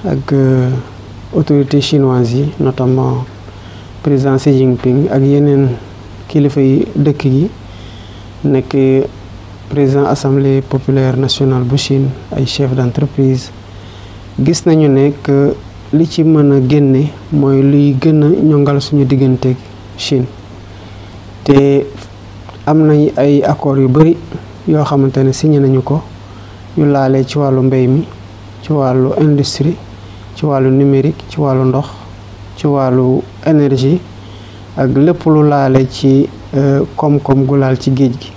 ak euh, autorités chinoises yi notamment président Xi Jinping ak yeneen kilifa yi dëkk yi nekk président assemblée populaire nationale bu Chine ay chef d'entreprise gis nañu ne que li ci mën a génne mooy luy gën a ñongal suñu digganteeg Chine te am nañ ay accords yu bari yoo xamante ne signé nañu ko yu laale ci wàllu mbay mi ci wàllu industrie ci wàllu numérique ci wàllu ndox ci wàllu énergie ak lépp lu laale ci euh, koom-koom gu laal ci géej gi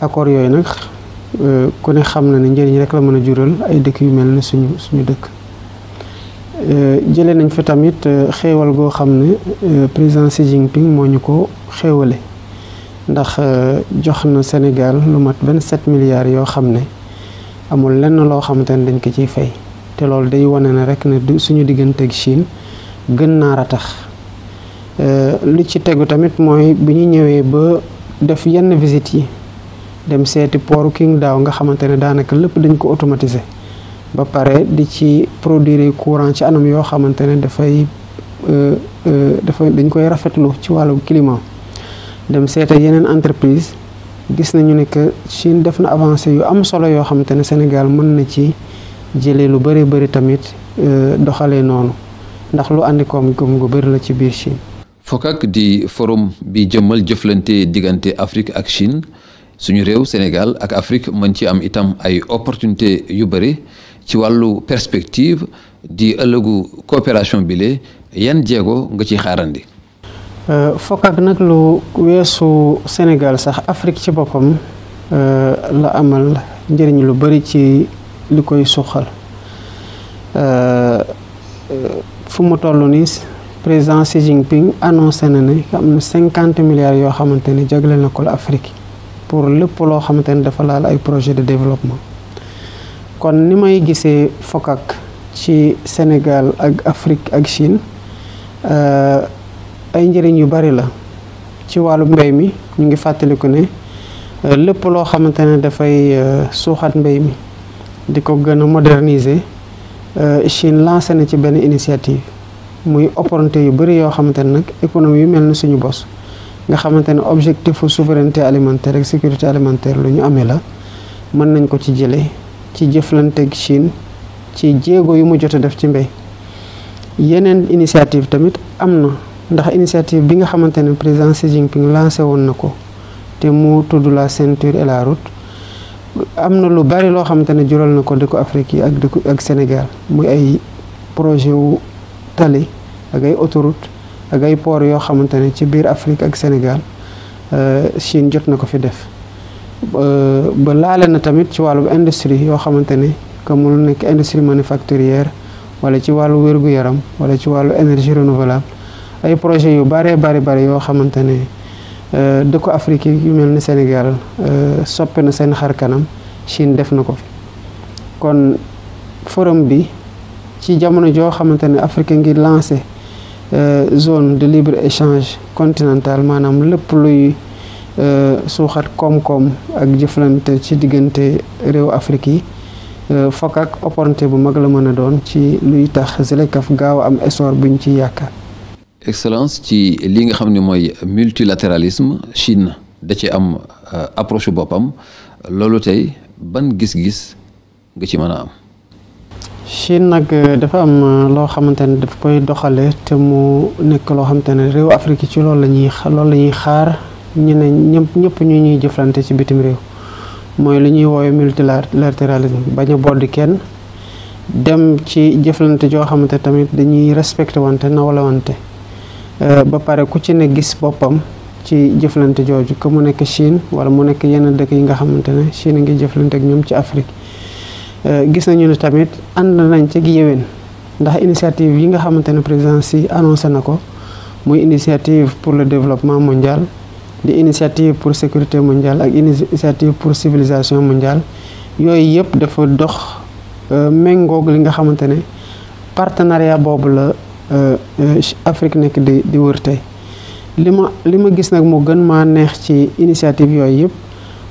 accord yooyu nag euh, ku ne xam na ni njëriñ rek la mën a jural ay dëkk yu mel ni suñu suñu dëkk euh, jëlee nañ fi tamit xéewal goo xam ne président Xi Jinping moo ñu ko xéewale ndax jox na Sénégal lu mat 27 milliards yoo xam ne amul lenn loo xamante ne dañ ko ciy fay te loolu day wane ne rek ne suñu digënté ak Chine gën tax euh lu ci téggu tamit moy biñu ñëwé ba def yenn visite yi dem seeti port King daw nga xamante ne daanaka lépp dañ ko automatiser ba paré di ci produire courant ci anam fay euh euh da fay dañ koy rafetlu ci walu climat dem seeta yenen entreprise gis nañu ne que Chine def na avancer yu am solo yo xamante Sénégal mën na ci jëlee lu bëri bëri tamit euh, doxalee noonu ndax lu andi koom koom gu bëri la ci biir Chine. FOCAC di forum bi jëmmal jëflante diggante Afrique ak Chine suñu réew Sénégal ak Afrique mën ci am itam ay opportunité yu bëri ci wàllu perspective di ëllëgu coopération bi yan jéego nga ci xaarandi. Euh, FOCAC nag lu weesu Sénégal sax Afrique ci boppam euh, la amal njëriñ lu bëri ci. li koy euh fu mu tollu ni président Xi Jinping annoncé na ne am 50 milliards yo xamanteni ne na ko l'Afrique pour lepp lo xamanteni dafa laal ay projet de développement kon ni may gisee FOCAC ci Sénégal ak Afrique ak Chine euh, ay njëriñ yu bari la ci walu mbéy mi ñu ngi ko ne euh, lepp lo xamanteni da fay euh, suxat mbéy mi di ko gën a moderniser euh, Chine lancé na ci benn initiative muy opportunité yu bëri yoo xamante ne nag économie yu mel ni suñu bos nga xamante ne objectifu souveraineté alimentaire ak sécurité alimentaire lu ñu amee la mën nañ ko ci jëlee ci jëflanteeg Chine ci jéego yu mu jot def ci mbéy yeneen initiative tamit am na ndax initiative bi nga xamante ne président Xi Jinping lancé woon na ko te mu tudd la ceinture et la route am na lu bari loo xamante ne jural na ko dëkku Afrique yi ak dëkku ak Sénégal muy ay projet wu tali ak ay autoroute ak ay port yoo xamante ne ci biir Afrique ak Sénégal euh, Chine jot na ko fi def euh, ba laale na tamit ci wàllu industrie yoo xamante ne comme lu nekk industrie manufacturière wala ci wàllu wér-gu-yaram wala ci wàllu énergie renouvelable ay projet yu baree bari bari yoo xamante ne Euh, dëkku Afrique yu mel ni Sénégal euh, soppe na seen xar kanam Chine def na ko fi kon forum bi ci jamono joo xamante ne Afrique ngi lancé euh, zone de libre échange continentale maanaam lépp luy suuxat koom-koom ak jëflante ci diggante réew Afrique yi fokk ak bu mag la mën a doon ci luy tax Zelekaf gaaw am essor buñ ci yaakaar. excellence ci lii nga xam ni mooy multilatéralisme Chine da ci am euh, approche boppam loolu tey ban gis-gis nga ci mën a am. Chine nag euh, dafa am euh, loo xamante ne daf koy doxale te mu nekk loo xamante ne réew Afrique ci loolu la ñuy loolu la ñuy xaar ñu ne ñëpp ñëpp ñu ñuy jëflante ci bitim réew mooy li ñuy woowee multilatéralisme bañ a bodd kenn dem ci jëflante joo xamante tamit dañuy respecté wante nawale wante. Euh, ba pare ku ci ne gis boppam ci jëflante jooju que mu nekk Chine wala mu nekk yenn dëkk yi nga xamante ne Chine ngi jëflante ak ñoom ci Afrique euh, gis nañu ne tamit ànd nañ ci yéwén ndax initiative yi nga xamante ne président si annoncé na ko muy initiative pour le développement mondial di initiative pour sécurité mondiale ak initiative pour civilisation mondiale yooyu yëpp dafa dox euh, méngoog li nga xamante ne partenariat boobu la Euh, euh, Afrique nekk di di wër tey li ma li ma gis nag moo gën maa neex ci initiative yooyu yëpp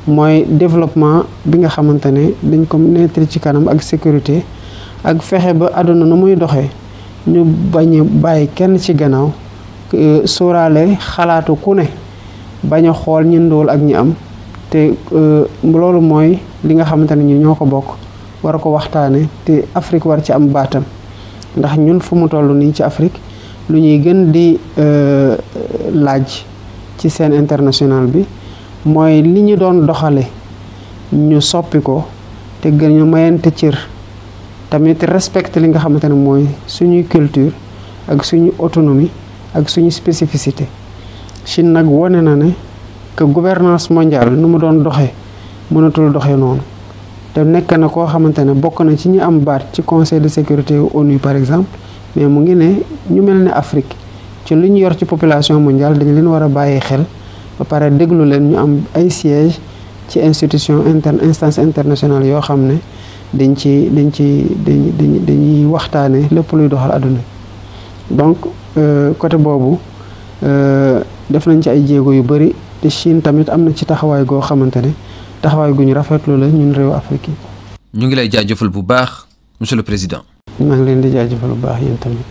mooy développement bi nga xamante ne dañ ko nettali ci kanam ak sécurité ak fexe ba àdduna nu muy doxee ñu bañ bàyyi kenn ci gannaaw euh, sóoraale xalaatu ku ne bañ a xool ñu ndóol ak ñi am te loolu mooy li nga xamante ne ñu ñoo ko bokk war ko waxtaane te Afrique war ci am baatam ndax ñun fu mu tollu ni ci Afrique lu ñuy gën di euh, laaj ci scène international bi moy li ñu doon doxale ñu soppi ko te gën ñu mayante ciir tamit respecte li nga xamantene moy suñu culture ak suñu autonomie ak suñu spécificité ci nag wone na ne que gouvernance mondiale nu mu doon doxé mënatul doxé noonu te nekk na koo xamante ne bokk na ci ñi am baat ci conseil de sécurité ONU par exemple mais mu ngi ne ñu mel ne Afrique ci lu ñu yor ci population mondiale dañu leen war a bàyyi xel ba pare déglu leen ñu am ay siège ci institution interne instance internationale yoo xam ne dañ ci dañ ci dañ dañuy waxtaane lépp luy doxal àdduna donc euh, côté boobu euh, def nañ ci ay jéego yu bëri te Chine tamit am na ci taxawaay goo xamante ne taxawaay gu ñu rafetlu la ñun réew Afrique yi. ñu ngi lay jaajëfal bu baax monsieur le président. maa ngi leen di jëfal bu baax yéen tamit.